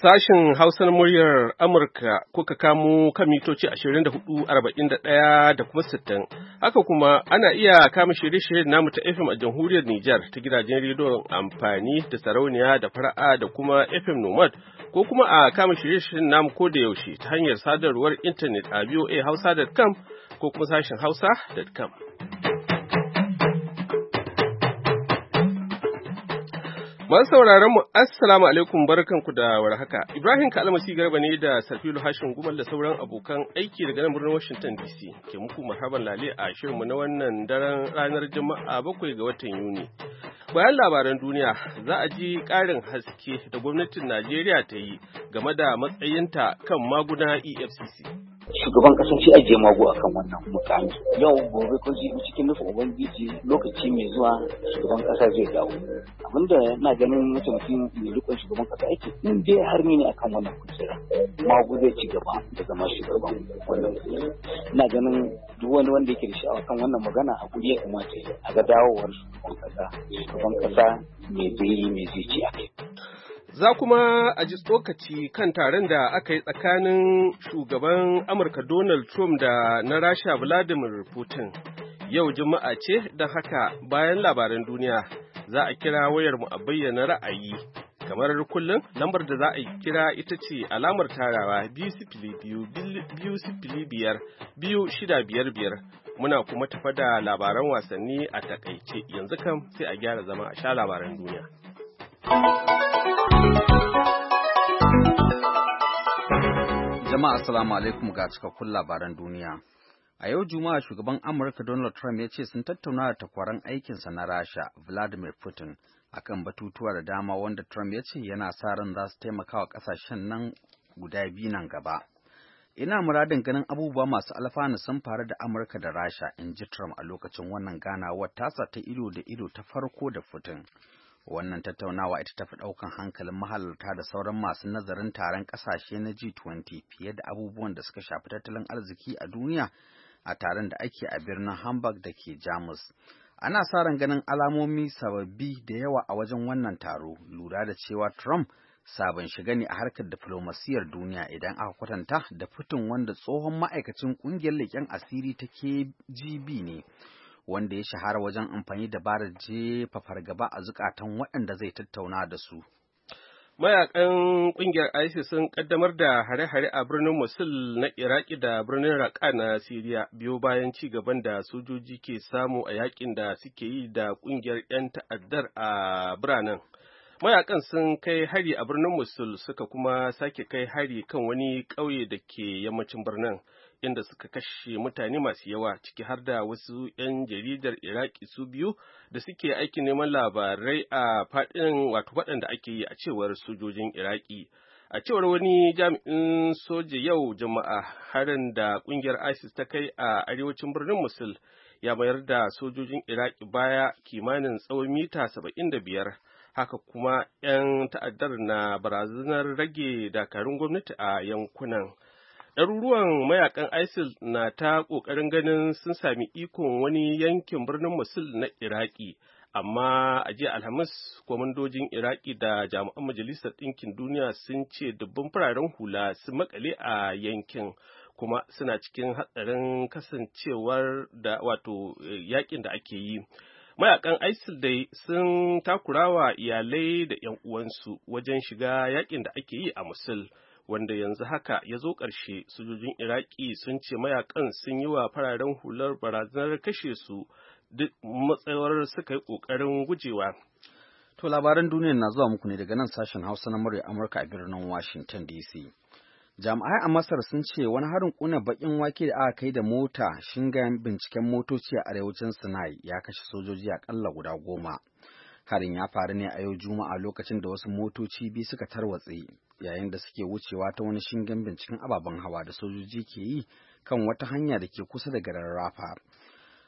Sashen na muryar Amurka kuka kamo kan mitoci 24,41 da kuma 60. Haka kuma ana iya kama shirye-shiryen namu ta FM a jamhuriyar Nijar ta gidajen rediyon amfani da sarauniya da fara'a da kuma FM Nomad ko kuma a kama shirye-shiryen namu ko da yaushe ta hanyar sadarwar intanet a voahausa.com ko kuma sashen hausa.com. Masu sauraron mu assalamu alaikum ku da warhaka. Ibrahim Kalmasi Garba ne da Safilu Hashin Gumal da sauran abokan aiki daga nan birnin Washington DC. Ke muku marhaban lale a mu na wannan daren ranar Juma'a bakwai ga watan Yuni. Bayan labaran duniya za a ji ƙarin haske da gwamnatin Najeriya ta yi game da matsayinta kan maguna EFCC. shugaban kasan shi ajiye mago a kan wannan mutane yau gobe ko ji cikin nufin ubangiji lokaci mai zuwa shugaban kasa zai dawo abinda na ganin mutum mai rikon shugaban kasa yake in dai har ne akan wannan kujera mago zai ci gaba da zama shugaban wannan kujera ina ganin duk wani wanda yake da sha'awa kan wannan magana a kuri ya kamata a ga dawowar shugaban kasa shugaban kasa mai zai yi mai zai ci a kai Za kuma a ji tsokaci kan taron da aka yi tsakanin shugaban Amurka Donald Trump da na Rasha Vladimir Putin. Yau Juma'a ce da haka bayan labaran duniya za a kira wayarmu a bayyana ra'ayi. Kamar kullum lambar da za a kira ita ce alamar tarawa biyu sifili biyu biyu sifili biyar biyu shida biyar biyar muna kuma tafa da labaran wasanni a takaice yanzu kam sai a gyara zama a sha labaran duniya. Jama'a assalamu alaikum ga cikakkun labaran duniya. A yau Juma'a shugaban Amurka Donald Trump ya ce sun tattauna da takwaran aikinsa na Rasha Vladimir Putin akan batutuwa da dama wanda Trump ya ce yana sa ran za su taimaka wa kasashen nan guda biyu nan gaba. Ina muradin ganin abubuwa masu alfanu sun faru da Amurka da Rasha in ji Trump a lokacin wannan ganawar tasa ta ido da ido ta farko da Putin. wannan tattaunawa ita ta fi ɗaukan hankalin mahalarta da sauran masu nazarin taron ƙasashe na G20 fiye da abubuwan da suka shafi tattalin arziki a duniya a taron da ake a birnin Hamburg da ke Jamus. Ana sa ran ganin alamomi sababbi da yawa a wajen wannan taro, lura da cewa Trump sabon shiga ne a harkar diflomasiyar duniya idan aka kwatanta da fitin wanda tsohon ma'aikacin ƙungiyar leƙen asiri ta KGB ne. wanda ya shahara wajen amfani da bara jefa fargaba a zukatan waɗanda zai tattauna da su. Mayakan ƙungiyar ISIS sun ƙaddamar da hare-hare a birnin Mosul na Iraki da birnin Raqqa na Siriya biyo bayan ci gaban da sojoji ke samu a yakin da suke yi da ƙungiyar 'yan ta'addar a biranen. mayakan sun kai hari a birnin mosul suka kuma sake kai hari kan wani ƙauye da ke yammacin birnin inda suka kashe mutane masu yawa ciki har da wasu 'yan jaridar iraki su biyu da suke aikin neman labarai a faɗin wato faɗin da ake yi a cewar sojojin iraki a cewar wani jami'in soja yau jama'a harin da ƙungiyar isis ta kai a arewacin birnin musul ya mayar da sojojin iraki baya kimanin tsawon mita saba'in da biyar haka kuma 'yan ta'addar na barazanar rage dakarun gwamnati a yankunan ɗaruruwan mayakan isil na ta ƙoƙarin ganin sun sami ikon wani yankin birnin musul na iraki amma a jiya alhamis kwamandojin iraki da jami'an majalisar ɗinkin duniya sun ce dubban fararen hula sun makale a yankin kuma suna cikin hatsarin kasancewar da wato eh, yakin da ake yi mayakan isil dai sun takurawa iyalai da 'yan uwansu wajen shiga yakin da ake yi a musul wanda yanzu haka ya zo ƙarshe sojojin iraki sun ce mayakan sun yi wa fararen hular barazanar kashe su duk matsayar suka yi ƙoƙarin gujewa to labaran duniya na zuwa muku ne daga nan sashen hausa na murya amurka a birnin washington dc jami'ai a masar sun ce wani harin kuna bakin wake da aka kai da mota shingayen binciken motoci a arewacin sinai ya kashe sojoji akalla guda goma Harin ya faru ne a yau Juma'a lokacin da wasu motoci biyu suka tarwatse yayin da suke wucewa ta wani shingen binciken ababen hawa da sojoji ke yi kan wata hanya da ke kusa da garin Rafa.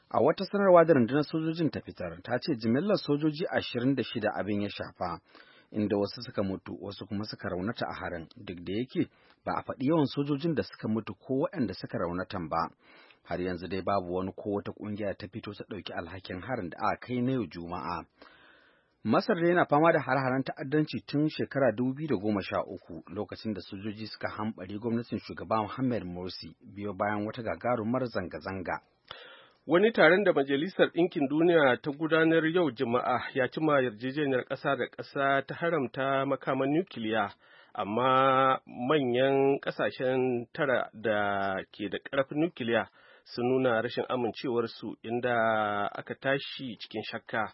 A wata sanarwa da rundunar sojojin ta fitar ta ce jimillar sojoji ashirin da shida abin ya shafa inda wasu suka mutu wasu kuma suka raunata a harin duk da yake ba a faɗi yawan sojojin da suka mutu ko waɗanda suka raunatan ba. har yanzu dai babu wani ko wata ƙungiya ta fito ta ɗauki alhakin harin da aka kai na yau juma'a Masar da yana fama da har-haren ta'addanci tun shekara 2013 lokacin da sojoji suka hambari gwamnatin shugaba Muhammad Morsi biyo bayan wata gagarumar zanga-zanga. Wani taron da Majalisar Ɗinkin Duniya ta gudanar yau Juma'a ya cima yarjejeniyar ƙasa da ƙasa ta haramta makaman nukiliya, amma manyan ƙasashen tara da ke da ƙarfin nukiliya sun nuna rashin amincewarsu inda aka tashi cikin shakka.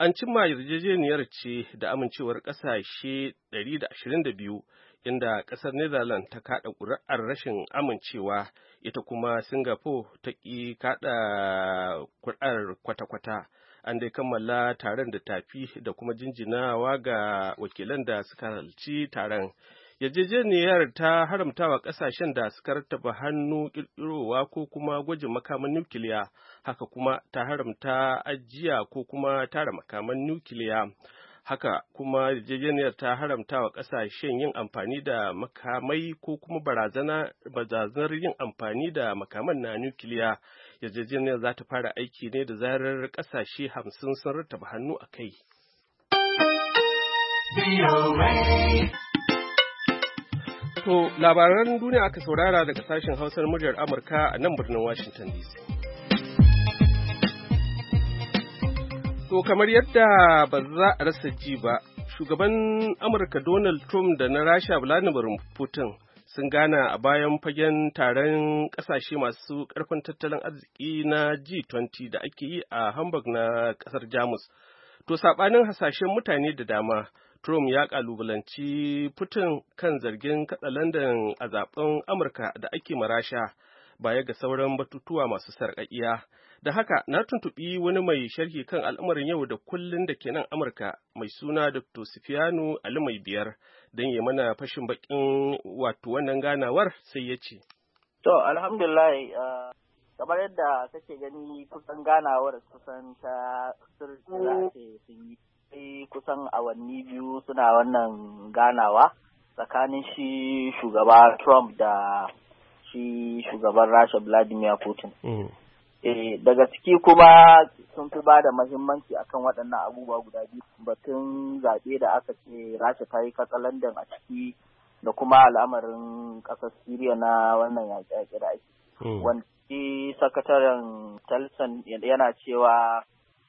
an cimma yarjejeniyar ce da amincewar ƙasashe 122 inda ƙasar netherlands ta kaɗa ƙuri'ar rashin amincewa ita kuma singapore ta ƙi kaɗa ƙuri'ar kwata-kwata an dai kammala taron da tafi da kuma jinjinawa ga wakilan da suka halarci taron yarjejeniyar ta haramta wa kasashen da suka rattaba hannu kirkirowa ko kuma gwajin makaman nukiliya haka kuma ta haramta ajiya ko kuma tara makaman nukiliya haka kuma yarjejeniyar ta haramta wa kasashen yin amfani da makamai ko kuma barazanar yin amfani da makaman na nukiliya yarjejeniyar za ta fara aiki ne da zarar kasashe hamsin sun rattaba hannu a kai. To labaran duniya aka saurara daga sashen hausar muryar Amurka a nan birnin Washington DC. To kamar yadda ba za a rasa ji ba, shugaban Amurka Donald Trump da na Rasha Vladimir Putin sun gana a bayan fagen taron kasashe masu karfin tattalin arziki na G20 da ake yi a Hamburg na kasar Jamus. To saɓanin hasashen mutane da dama. Trump ya kalubalanci Putin kan zargin kada London a zaben Amurka da ake marasha baya ga sauran batutuwa masu sarƙaƙiya. Da haka na tuntuɓi wani mai sharhi kan al'amarin yau da kullun da ke nan Amurka mai suna Dr. Sufiyanu Ali mai biyar don ya mana fashin bakin wato wannan ganawar sai ya ce. To alhamdulillah uh, kamar yadda kake gani kusan ganawar kusan ta sirri da sun yi kusan awanni biyu suna wannan ganawa tsakanin shi shugaba Trump da shi shugaban Rasha Vladimir Putin. Mm. Eh, daga ciki kuma sun fi ba da mahimmanci akan waɗannan abubuwa guda biyu batun zaɓe da aka ce Rasha ta yi katsalandan a ciki da kuma al'amarin ƙasar Syria na wannan yaƙe-yaƙe da ake. Mm. Wanda sakataren Telson yana cewa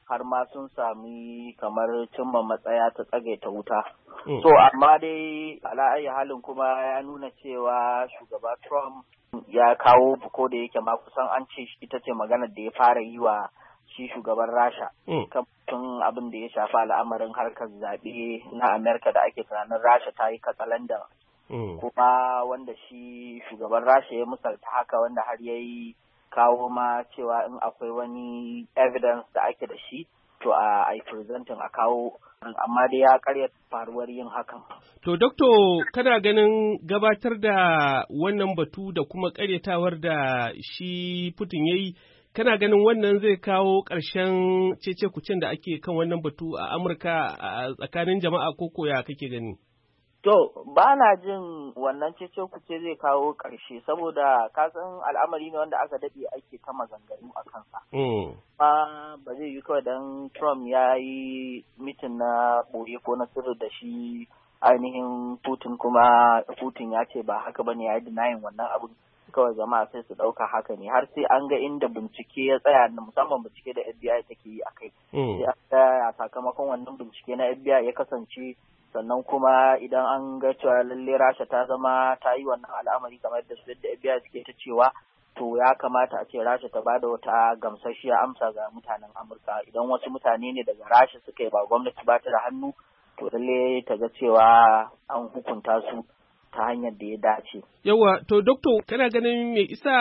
har ma sun sami kamar cimma matsaya ta tsagaita wuta. Oh. So amma dai ala'ayi halin kuma ya nuna cewa shugaba Trump ya kawo buko da yake ma kusan an ce ita ce maganar da ya fara yi wa shi shugaban Rasha. Oh. Tun abin da ya shafi al'amarin harkar zaɓe na Amerika da ake tunanin Rasha ta yi katsalanda. Oh. Kuma wanda shi shugaban Rasha ya musalta haka wanda har ya yi kawo ma cewa in akwai wani evidence da ake da shi to a ai presenting a kawo amma dai ya karya faruwar yin hakan. To dokto kana ganin gabatar da wannan batu da kuma karyatawar da shi Putin ya yi kana ganin wannan zai kawo ƙarshen cece kucin da ake kan wannan batu a Amurka a tsakanin jama'a ko koya kake gani? To, ba na jin wannan cece kuce zai kawo ƙarshe saboda kasan al'amari ne wanda aka daɗe ake ta maganganu a kansa. Ma hmm. ba zai yi kawai don Trump ya yi mitin na ɓoye ko na sirri da shi ainihin Putin kuma Putin ya ce ba haka ba ne ya yi wannan abin kawai zama sai su ɗauka haka ne har sai an ga inda bincike ya tsaya musamman bincike da FBI take yi a kai. Hmm. Sai a sakamakon wannan bincike na FBI ya kasance sannan kuma idan an ga cewa lalle rasha ta zama ta yi wannan al'amari kamar da su da biya suke ta cewa to ya kamata a ce rasha ta bada wata gamsashiya amsa ga mutanen amurka idan wasu mutane ne daga rasha suka yi ba gwamnati ba ta da hannu to lalle ta ga cewa an hukunta su ta hanyar da ya dace. Yawa, to doktor kana ganin me isa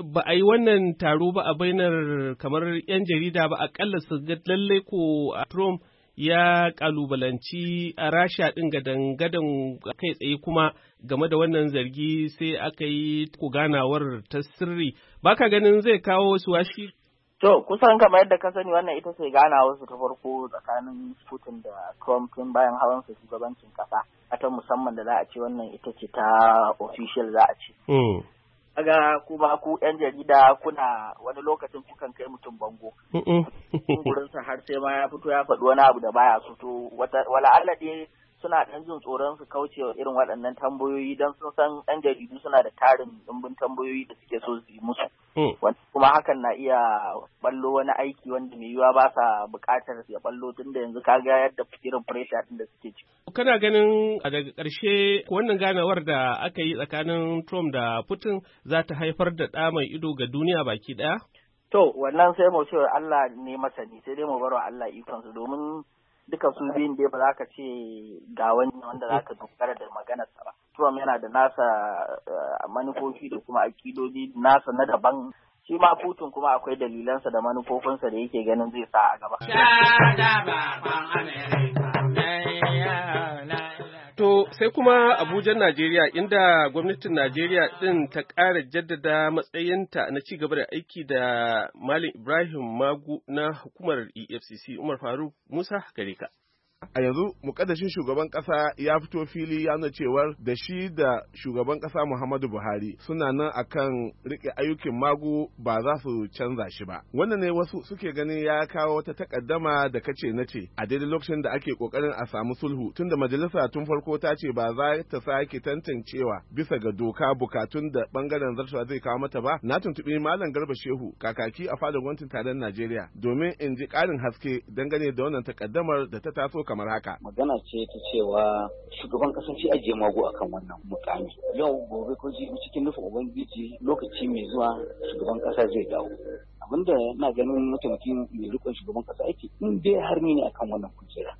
ba a yi wannan taro ba a bainar kamar 'yan jarida ba akalla su ga lalle ko a Trump ya kalubalanci a rasha ɗin gadan-gadan kai tsaye kuma game da wannan zargi sai aka yi ganawar ta sirri Ba ka ganin zai kawo wasu washi To kusan kamar yadda ka sani wannan ita sai ganawar su ta farko tsakanin Putin da Trump tun bayan hawan su shugabancin kasa ta musamman da za a ce wannan ita ce ta official za a ce. Hmm. kaga kuma ku yan jarida kuna wani lokacin kukan kai mutum bango gurinsa har sai ma ya fito ya faɗi wani abu da baya su to wala suna ɗan jin tsoron su kaucewa irin waɗannan tambayoyi don sun san ɗan jaridu suna da tarin ɗumbin tambayoyi da suke so su yi musu. Hmm. Kuma hakan na iya ballo wani aiki wanda mai yiwuwa ba sa buƙatar ya ballo tun da yanzu kaga yadda irin pressure ɗin da suke ci. Kana ganin a daga ƙarshe wannan ganawar da aka yi tsakanin Trump da Putin za ta haifar da ɗa mai ido ga duniya baki ɗaya? To, wannan sai mu cewa Allah ne masani sai dai mu bar wa Allah ikonsu domin duka su biyun dai ba za ka ce ga wani wanda za ka dogara da maganarsa ba. Trump yana da nasa eh, manufofi da kuma akidodi nasa na daban shi ma Putin kuma akwai dalilansa da manufofinsa da yake ganin zai sa a gaba. To sai kuma Abuja Najeriya inda gwamnatin Najeriya ɗin ta ƙara jaddada matsayinta na ci gaba da aiki da Malam Ibrahim Magu na hukumar EFCC Umar Faruk Musa Gareka. a yanzu mukaddashin shugaban kasa ya fito fili ya nuna cewar da shi da shugaban kasa muhammadu buhari suna nan akan rike ayyukin magu ba za su canza shi ba wannan ne wasu suke ganin ya kawo wata takaddama da kace na ce a daidai lokacin da ake kokarin a samu sulhu tunda majalisa tun farko ta ce ba za ta sake tantancewa bisa ga doka bukatun da bangaren zartawa zai kawo mata ba na tuntubi malam garba shehu kakaki a fadar gwamnatin taron najeriya domin in ji karin haske dangane da wannan takaddamar da ta taso kamar haka. Magana ce ta cewa shugaban ƙasar shi ajiye mago akan wannan mukami. Yau gobe ko jibi cikin nufin Ubangiji lokaci mai zuwa shugaban ƙasa zai dawo. da na ganin mataimakin mai rikon shugaban kasa yake in dai har ni ne akan wannan kujera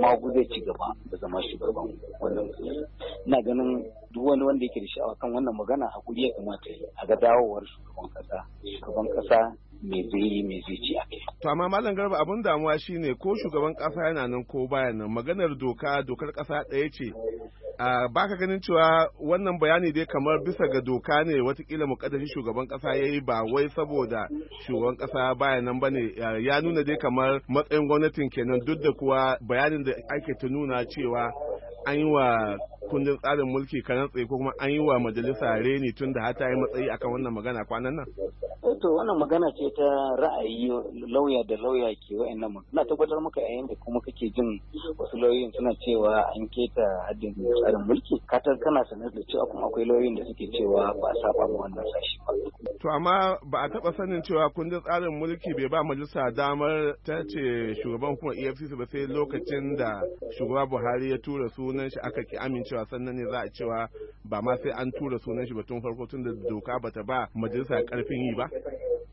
magu zai ci gaba da zama shugaban wannan kujera na ganin duk wani wanda yake da sha'awa kan wannan magana hakuri ya kamata a ga dawowar shugaban kasa shugaban kasa me zai yi me zai ci ake. To amma Malam Garba abin damuwa shine ko shugaban kasa yana nan ko baya nan maganar doka dokar kasa ɗaya ce. A baka ganin cewa wannan bayani dai kamar bisa ga doka ne watakila mukaddashin shugaban kasa ya yi ba wai saboda shugaban kasa baya nan bane ya nuna dai kamar matsayin gwamnatin kenan duk da kuwa bayanin da ake ta nuna cewa an yi wa kundin tsarin mulki ka natse ko kuma an yi wa majalisa reni tun da hata yi matsayi akan wannan magana kwanan nan? Eh, to wannan magana ce ta ra'ayi lauya da lauya ke wa'annan mu na tabbatar maka yayin da kuma kake jin wasu lauyoyin suna cewa an keta haddin tsarin mulki katar kana sanar da cewa kuma akwai lauyoyin da suke cewa ba a saba ma wannan sashi ba. to amma ba a taba sanin cewa kundin tsarin mulki bai ba majalisa damar ta ce shugaban kuma efcc ba sai lokacin da shugaba buhari ya tura sunan shi aka ki amince cewa sannan ne za a cewa ba ma sai an tura sunan shi batun farko tun da doka bata ba majalisa karfin yi ba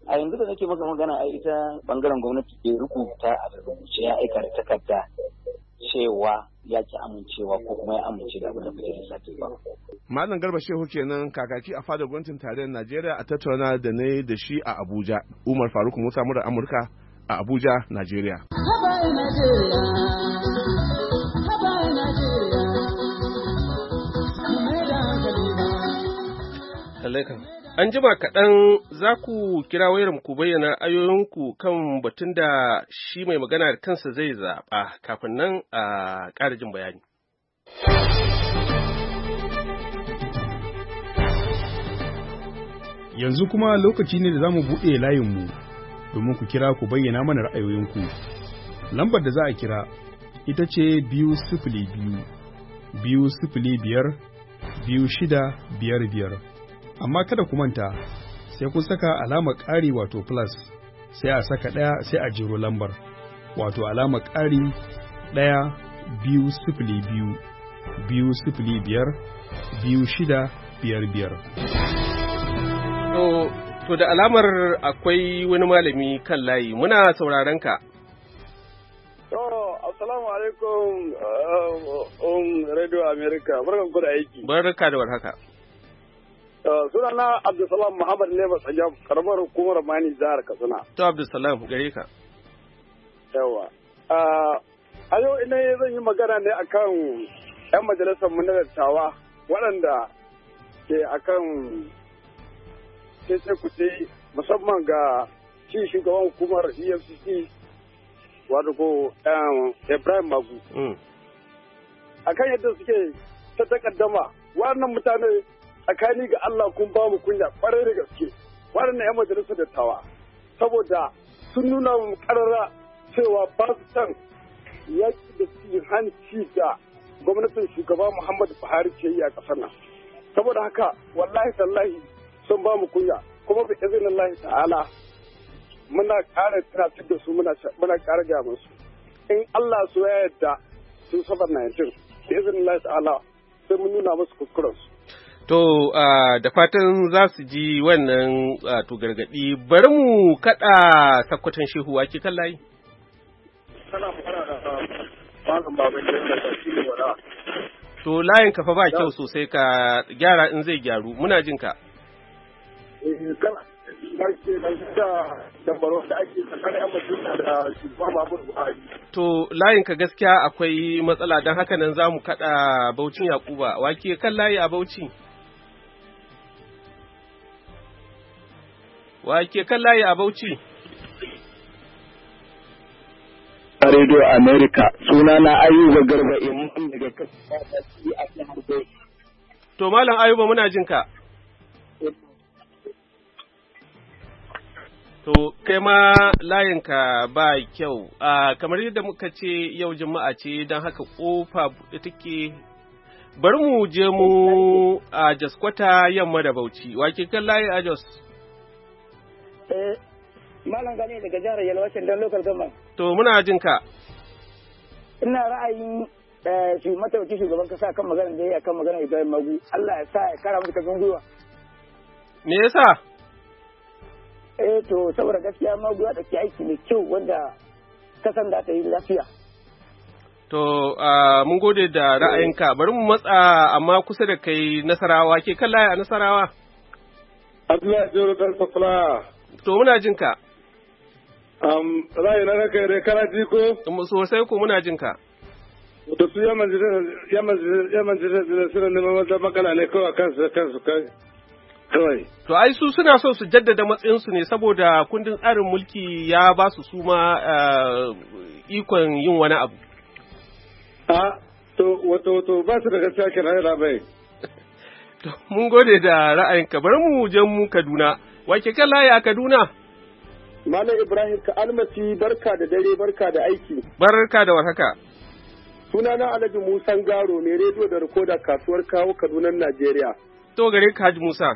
a yanzu da nake maka magana a ita bangaren gwamnati ke rubuta a rubuce ya aika takarda cewa ya ci amincewa ko kuma ya amince da abin da majalisa ke ba. Malam Garba Shehu kenan kakaki a fadar gwamnatin tarayyar Najeriya a tattauna da na da shi a Abuja. Umar Faruk Musa Mura Amurka a Abuja, Najeriya. alaikum. An jima kaɗan za ku kira wayarmu ku bayyana ayoyinku kan batun da shi mai magana da kansa zai zaɓa kafin nan a ƙara jin bayani. Yanzu kuma lokaci ne da za mu buɗe layinmu domin ku kira ku bayyana mana ra'ayoyinku. Lambar da za a kira ita ce biyu sifili biyu, biyu sifili biyar, biyu shida biyar biyar. amma kada ku manta sai ku saka alamar ƙari wato plus sai a saka ɗaya sai a jiro lambar wato alamar ƙari ɗaya biyu sifili biyu biyu sifili biyar biyu shida biyar biyar. To, da alamar akwai wani malami kan layi muna sauraron ka. Assalamu alaikum, um, um, Radio America, barkan ku da aiki. Barka da warhaka. Uh, sunana abdulsalam muhammad ne ba karamar hukumar mani jihar katsina to abdulsalam gare ka yawa uh, a yau ina zan yi magana ne akan yan majalisar mu na dattawa waɗanda ke akan sai kuce musamman ga shi shugaban hukumar efcc wato ko um, ibrahim magu mm. akan yadda suke ta takaddama waɗannan mutane tsakani ga Allah kun ba mu kunya kwarai da gaske waɗannan 'yan majalisar dattawa saboda sun nuna mu karara cewa ba su san yaki da su hanci da gwamnatin shugaba Muhammadu Buhari ke yi a ƙasar nan saboda haka wallahi tallahi sun ba mu kunya kuma bi izinin Allah ta'ala muna ƙara tunatar da su muna ƙara gaya musu in Allah so ya yarda sun saba 19 bi izinin Allah ta'ala sai mun nuna musu kuskurensu To, da fatan za su ji wannan to gargaɗi bari mu kaɗa sakwatan shehu ake kallaye. Sana fara da bazin babin jirgin da shi ne wada. To, layin kafa ba kyau sosai ka gyara in zai gyaru, muna jin ka. Eh, kala, ba ke da da dabaro da ake tsakar yamma juna da shugaba babin buhari. To, layin ka gaskiya akwai matsala don haka nan za mu kaɗa baucin Yakuba, wa ke kan layi a baucin? Wa ke kan layi a Bauchi? Radio America, suna na Ayuba Garba Imam eh, daga kasuwa a To Malam Ayuba muna jin ka. To, kai ma layinka ba kyau, ah, kamar yadda muka ce yau juma'a ce don haka ƙofa take bari mu je mu a ah, jaskwata yamma da bauchi, wa ke kan layi a jos. Eh, Malam Gani daga jihar don local government. To muna jin ka. Ina ra'ayin eh, shi mataimakin shugaban kasa kan maganar da ya kan maganar Ibrahim Magu. Allah ya sa ya kara musu kafin gwiwa. Me yasa? Eh to saboda gaskiya Magu ya ke aiki mai kyau wanda kasan da ta yi lafiya. To, mun gode da ra'ayinka, bari mu matsa amma kusa da kai nasarawa, ke kan laya a nasarawa? Abdullahi Jero Dalfa To muna jin ka. Um, ra'ayina na kai dai kana ji ko? Sosai ko muna jin ka. Da su yaman jiran suna neman wata makala ne kawai kansu da kansu kawai. To ai su suna so su jaddada matsayinsu ne saboda kundin tsarin mulki ya ba su suma eh, ikon yin wani abu. A, to wato wato ba su da gaskiya kenan ya labai. Mun gode da ra'ayinka bari mu je mu Kaduna. Wake kan laya a Kaduna? Malam Ibrahim ka almasi barka da dare barka da aiki. Barka da warhaka. Sunana Alhaji Musa Garo mai rediyo da rikoda kasuwar kawo Kaduna Najeriya. To gare ka Haji Musa.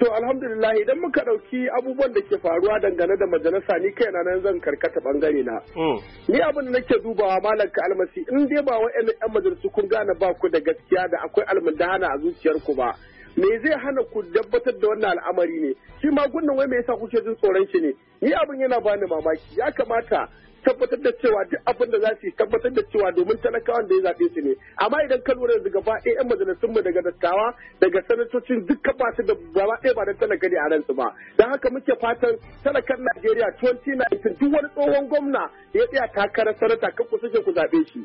To alhamdulillah idan muka ɗauki abubuwan da ke faruwa dangane da majalisa ni kai nan zan karkata bangare na. Mm. Ni abin da nake dubawa malam ka almasi in dai ba wa'annan 'yan majalisu kun gane ba ku da gaskiya da akwai almundana a zuciyarku ba. me zai hana ku dabbatar da wannan al'amari ne shi ma gunnan wai me yasa kuke jin tsoron shi ne ni abin yana bani mamaki ya kamata tabbatar da cewa duk abin da za su tabbatar da cewa domin talakawan da ya zaɓe su ne amma idan ka lura da gaba ɗaya yan majalisun mu daga dattawa daga sanatocin duka ba su da gaba ɗaya ba da talaka ne a ransu ba don haka muke fatan talakan Najeriya 2019 duk wani tsohon gwamna ya tsaya takarar sanata kan ku suke ku zaɓe shi.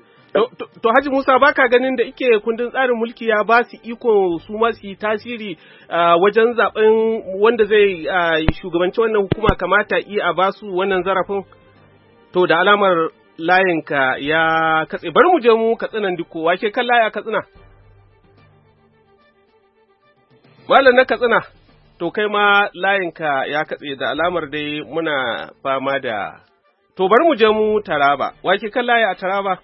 To Haji Musa baka ganin da ike kundin tsarin mulki ya ba su iko su ma su tasiri wajen zaɓen wanda zai shugabanci wannan hukuma kamata iya a ba su wannan zarafin? To da alamar layinka ya katse bari mu je mu katsinan duk kowa ke kan laya katsina. Malam na katsina to kai ma layinka ya katse da alamar dai muna fama da to bari mu je mu Taraba wa ke kan laya a Taraba.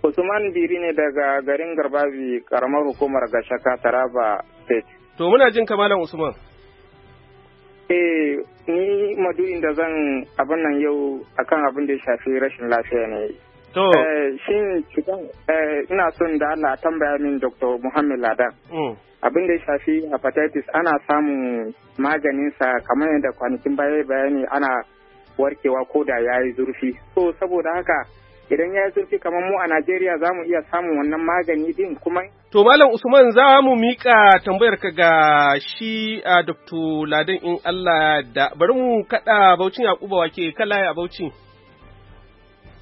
Usman Biri ne daga garin Garbabi karamar hukumar Gashaka Taraba State. To muna jin kamalan Usman. Eh, ni maduin da zan abin nan yau akan abin da ya shafi rashin lafiya ne. To. Eh, shin cutan eh, ina son da Allah tambaya min Dr. Muhammad Ladan. Mm. Abin da ya shafi hepatitis ana samun maganinsa kamar yadda kwanakin baya bayani ana warkewa ko da ya yi zurfi. So saboda haka idan ya yi zurfi kamar mu a Najeriya za mu iya samun wannan magani din kuma To, Malam Usman za mu miƙa tambayarka ga shi a Dr. Ladan in Allah da bari mu kaɗa Baucin Yakuba wake kala a Baucin.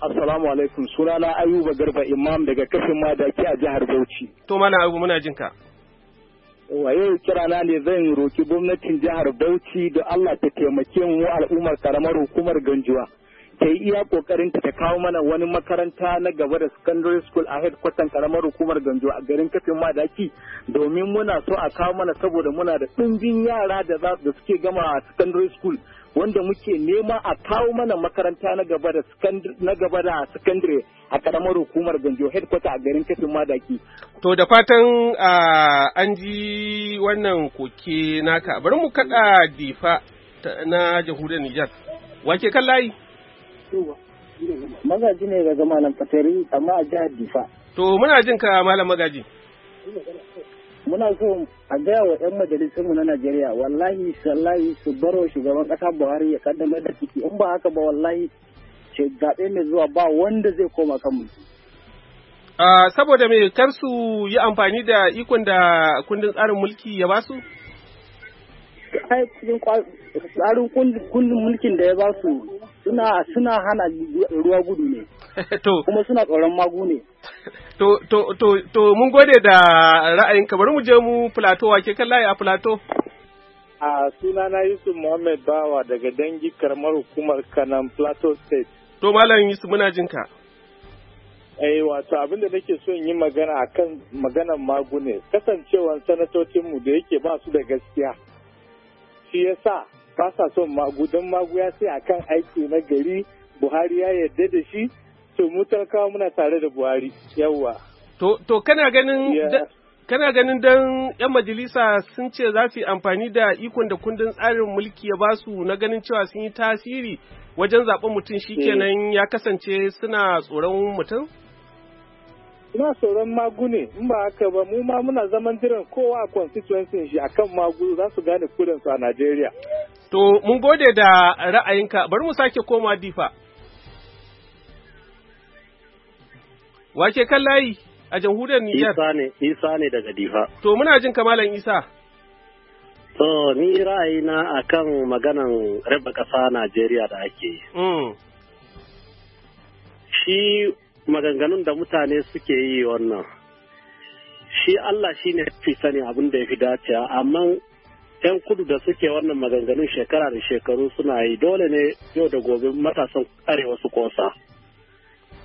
Assalamu alaikum sunana Ayuba Garba Imam daga kafin madaki a jihar Bauchi. To Malam Ayuba muna jinka. Waye kirana ne zan roki gwamnatin jihar Bauchi da Allah ta taimake mu al'ummar karamar hukumar Ganjuwa. ta yi iya kokarin ta kawo mana wani makaranta na gaba da secondary school a headquarter karamar hukumar Ganjo a garin Kafin Madaki domin muna so a kawo mana saboda muna da ɗumbin yara da da suke gama a secondary school wanda muke nema a kawo mana makaranta na gaba da na gaba da secondary a karamar hukumar Ganjo headquarter a garin Kafin Madaki to da fatan an ji wannan koke naka bari mu kada difa na jamhuriyar Nijar wake kan layi Magaji ne daga Malam Fatari amma a jihar Difa. To muna jin ka Malam Magaji. Muna so a gaya wa 'yan majalisunmu na Najeriya wallahi sallahi su baro shugaban ƙasa Buhari ya kaddamar da ciki in ba haka ba wallahi gaɓe mai zuwa ba wanda zai koma kanmu. saboda me kar su yi amfani da ikon da kundin tsarin mulki ya basu? Ai, tsarin kundin mulkin da ya basu suna suna hana ruwa gudu ne to kuma suna tsoron magu ne to to to to mun gode da ra'ayinka bari mu je mu plateau wake kan layi a plateau a sunana Yusuf Muhammad Bawa daga dangi karamar hukumar Kanan Plateau State to malam Yusuf muna jin ka eh wato abin da nake so yi magana akan maganan magu ne kasancewar sanatocinmu da yake ba su da gaskiya shi yasa ba sa son magu don magu ya sai akan aiki na gari buhari ya yarda da shi to mu talakawa muna tare da buhari yawwa to to kana ganin kana ganin dan yan majalisa sun ce za su yi amfani da ikon da kundin tsarin mulki ya ba su na ganin cewa sun yi tasiri wajen zaɓen mutum shikenan eh. ya kasance suna tsoron mutum? Ina tsoron magu ne, in ba haka ba mu ma muna zaman jiran kowa a constituency shi akan magu za su gane kudansu a Najeriya. To, mun gode da ra'ayinka, bari mu sake koma difa. ke kan layi a jamhuriyar Nijar? Isa ne, Isa ne daga difa. To, muna jin kamalan Isa. To, ni ra'ayina a kan maganan raba ƙasa Najeriya da ake yi. Mm. Shi maganganun da mutane suke yi wannan. Shi Allah shi ne fi sani abin da ya fi dacewa, amma 'yan kudu da suke wannan maganganun shekara da shekaru suna yi dole ne yau da gobe matasan arewa su kosa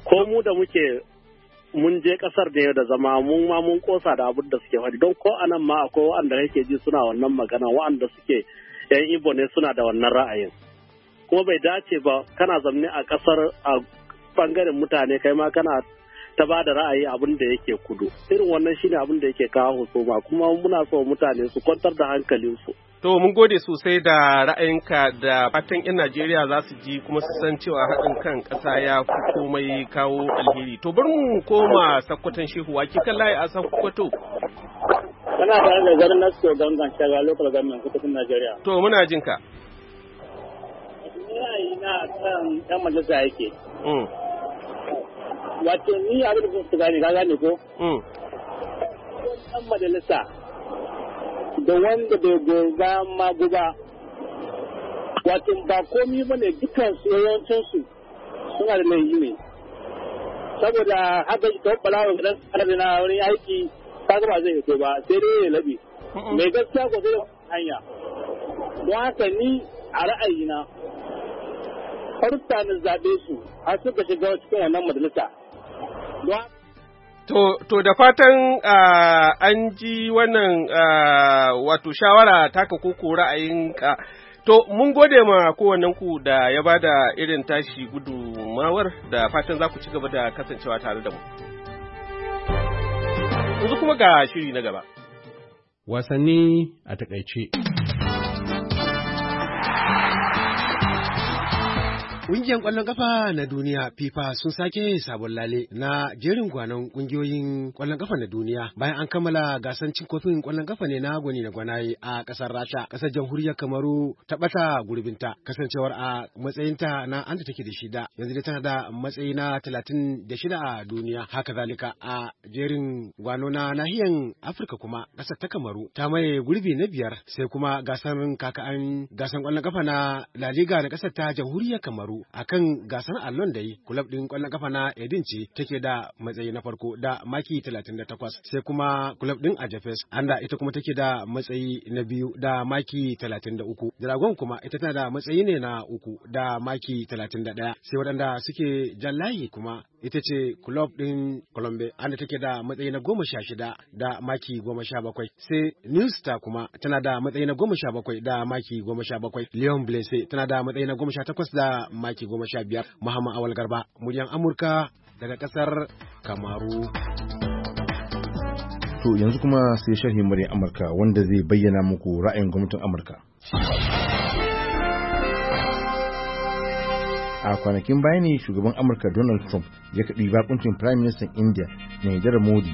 ko mu da muke mun je kasar da yau da zama mun ma mun kosa da abin da suke faɗi don ko nan ma akwai wa'anda yake ji suna wannan magana wa'anda suke yan ibo ne suna da wannan ra'ayin kuma bai dace ba kana zamne a kasar a bangaren mutane kai ma kana ta ba da ra'ayi abin da yake kudu irin wannan shine abin da yake kawo husuma kuma muna so mutane su kwantar da su. to mun gode sosai da ra'ayinka da fatan 'yan najeriya za su ji kuma su san cewa haɗin kan ƙasa ya fi komai kawo alheri to bari mu koma sakkwatan shehu wake kan layi a sakkwato kana da da garin nasu gangan shaga local government kutukun najeriya to muna jinka ina kan ɗan majalisa yake mm. wato ni abin da su gane ka gane ko ɗan hmm. majalisa da wanda bai goga magu ba wato ba komi ba ne dukkan su yawancinsu suna da yi ne saboda haka ta hoppala wa gidan sarari na wani aiki ta ba zai hito ba sai dai ya labi mai gaskiya ko zai hanya don haka ni a ra'ayina farta na zaɓe su har suka shiga cikin wannan majalisa To, to da fatan uh, an ji wannan uh, wato shawara taka koko ra'ayinka. To, mun gode ma kowannen da ya ba da irin tashi gudumawar da fatan za ku ci gaba da kasancewa tare da mu. Yanzu kuma ga shiri na gaba. Wasanni a takaice. Ƙungiyar ƙwallon ƙafa na duniya FIFA sun sake sabon lale na jerin gwanon ƙungiyoyin ƙwallon ƙafa na duniya bayan an kammala gasan cin kofin ƙwallon ƙafa ne na gwani na gwanaye a ƙasar Rasha ƙasar jamhuriyar Kamaru ta ɓata gurbinta kasancewar a matsayinta na an da take da shida yanzu dai tana da matsayi na talatin da shida a duniya haka zalika a jerin gwano na nahiyan Afirka kuma ƙasar ta Kamaru ta maye gurbi na biyar sai kuma gasar kaka'an gasan ƙwallon ƙafa na La Liga na ƙasar ta jamhuriyar Kamaru a kan gasar allon da yi kulab din kwallon kafa na edinci take da matsayi na farko da maki 38 sai kuma kulab din ajafes anda ita kuma take da matsayi na biyu da maki 33 dragon kuma ita tana da matsayi ne na uku da maki 31 sai waɗanda suke jan layi kuma ita ce club din Colombia ana take da matsayi na goma sha shida da maki goma sha bakwai sai New kuma tana da matsayi na goma sha bakwai da maki goma sha bakwai Leon Blaise tana da matsayi na goma sha takwas da maki goma sha biyar Muhammad Awal Garba muryan Amurka daga kasar Kamaru. To yanzu kuma sai sharhin muryan Amurka wanda zai bayyana muku ra'ayin gwamnatin Amurka. a kwanakin baya ne shugaban amurka donald trump ya kaɗi bakuncin prime minister india nigeria modi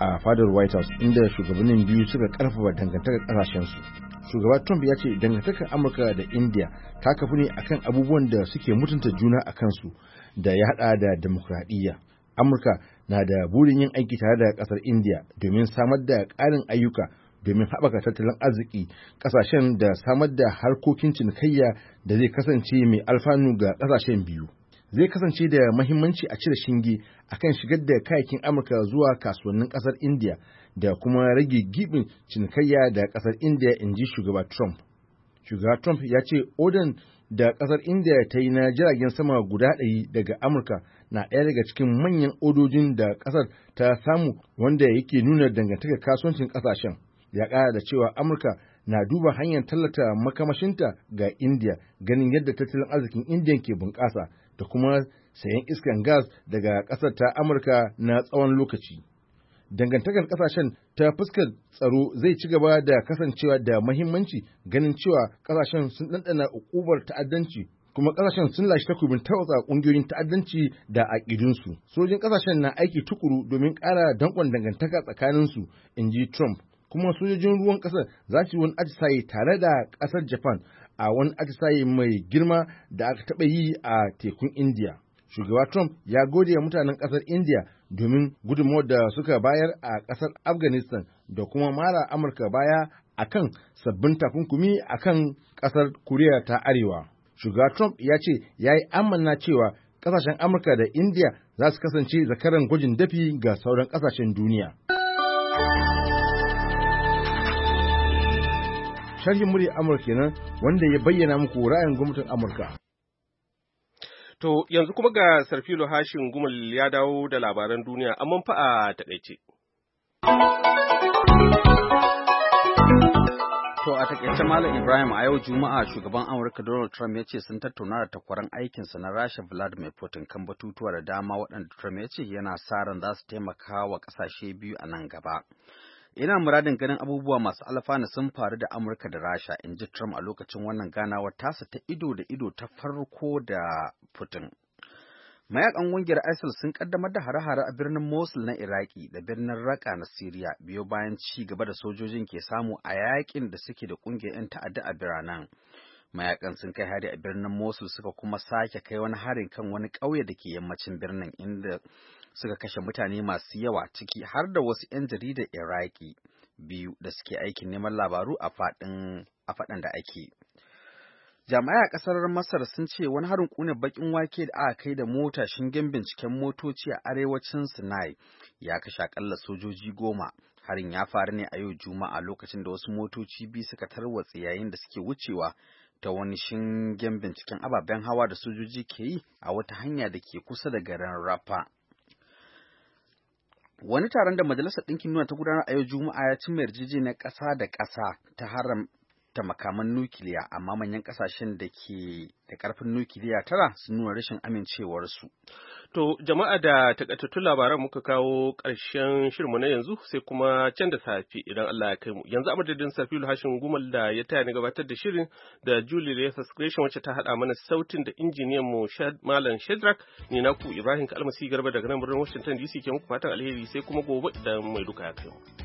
a fadar white house inda shugabannin biyu suka karfafa dangantakar ƙasashensu shugaba trump ya ce dangantakar amurka da india ta kafu ne akan abubuwan da suke mutunta juna a kansu da ya haɗa da demokradiyya amurka na da burin yin aiki tare da ƙasar india domin samar da ƙarin ayyuka domin haɓaka tattalin arziki ƙasashen da samar da harkokin cinikayya da zai kasance mai alfanu ga ƙasashen biyu. Zai kasance da mahimmanci a cire shinge a kan shigar da kayakin Amurka zuwa kasuwannin ƙasar India da kuma rage gibin cinikayya da ƙasar India in ji shugaba Trump. Shugaba Trump ya ce odan da ƙasar India ta yi na jiragen sama guda ɗari daga Amurka na ɗaya daga cikin manyan odojin da ƙasar ta samu wanda yake nuna dangantakar kasuwancin ƙasashen. ya ƙara da cewa amurka na duba hanyar tallata makamashinta ga Indiya, ganin yadda tattalin arzikin Indiya ke bunƙasa da kuma sayan iskan gas daga ƙasar ta amurka na tsawon lokaci dangantakar ƙasashen ta fuskar tsaro zai ci gaba da kasancewa da mahimmanci ganin cewa ƙasashen sun ɗanɗana ukubar ta'addanci kuma kasashen sun lashe takubin tarwatsa ƙungiyoyin ta'addanci da aƙidunsu. Sojin kasashen na aiki tukuru domin ƙara danƙon dangantaka tsakaninsu, in ji Trump. kuma sojojin ruwan ƙasar za su yi wani atisaye tare da ƙasar Japan a wani atisaye mai girma da aka taɓa yi a tekun India. Shugaba Trump ya gode wa mutanen ƙasar India domin gudunmawar da suka bayar a ƙasar Afghanistan da kuma mara Amurka baya akan sabbin takunkumi akan ƙasar korea ta Arewa. Shugaba Trump ya ce ya yi amanna cewa ƙasashen Amurka da India za su kasance zakaran gwajin dafi ga sauran ƙasashen duniya. sharhin murya Amurka kenan wanda ya bayyana muku ra'ayin gwamnatin Amurka. To yanzu kuma ga Sarfilo Hashin Gumal ya dawo da labaran duniya amma fa a takaice. To a takaice Malam Ibrahim a yau Juma'a shugaban Amurka Donald Trump ya ce sun tattauna da takwaran aikinsa na Rasha Vladimir Putin kan batutuwa da dama waɗanda Trump ya ce yana sa ran za su taimaka wa ƙasashe biyu a nan gaba. Ina muradin ganin abubuwa masu alfana sun faru da Amurka da Rasha, in ji Trump a lokacin wannan ganawar tasa ta ido da ido ta farko da Putin. Mayakan ƙungiyar ISIL sun kaddamar da hare-hare a birnin Mosul na Iraki da birnin Raqqa na Siriya biyo bayan ci gaba da sojojin ke samu a yakin da suke da ƙungiyar 'yan ta'adda a biranen. mayakan sun kai hari a birnin mosul suka kuma sake kai wani harin kan wani ƙauye da ke yammacin birnin inda suka kashe mutane masu yawa ciki har da wasu 'yan jaridar iraki biyu da suke aikin neman labaru a faɗin da ake jami'ai a ƙasar masar sun ce wani harin ƙunar baƙin wake da aka kai da mota shingen binciken motoci a arewacin sinai ya kashe aƙalla sojoji goma harin ya faru ne a yau juma'a lokacin da wasu motoci biyu suka tarwatsa yayin da suke wucewa ta wani shingen binciken ababen hawa da sojoji ke yi a wata hanya da ke kusa da garin rafa wani taron da majalisar ɗinkin duniya ta gudanar a yau juma'a ya cimma yarjejeniyar ƙasa da ƙasa ta haram da makaman nukiliya amma manyan kasashen da ke da karfin nukiliya tara sun nuna rashin amincewarsu. To jama'a da takaitattun labaran muka kawo ƙarshen shirmu na yanzu sai kuma can da safi idan Allah ya kai Yanzu a madadin Hashin Gumal da ya taya ni gabatar da shirin da Julie Reyes Subscription wacce ta haɗa mana sautin da injiniyan mu Malam Shadrack ne naku Ibrahim Kalmasi Garba daga nan birnin Washington DC ke muku fatan alheri sai kuma gobe idan mai duka ya kai mu.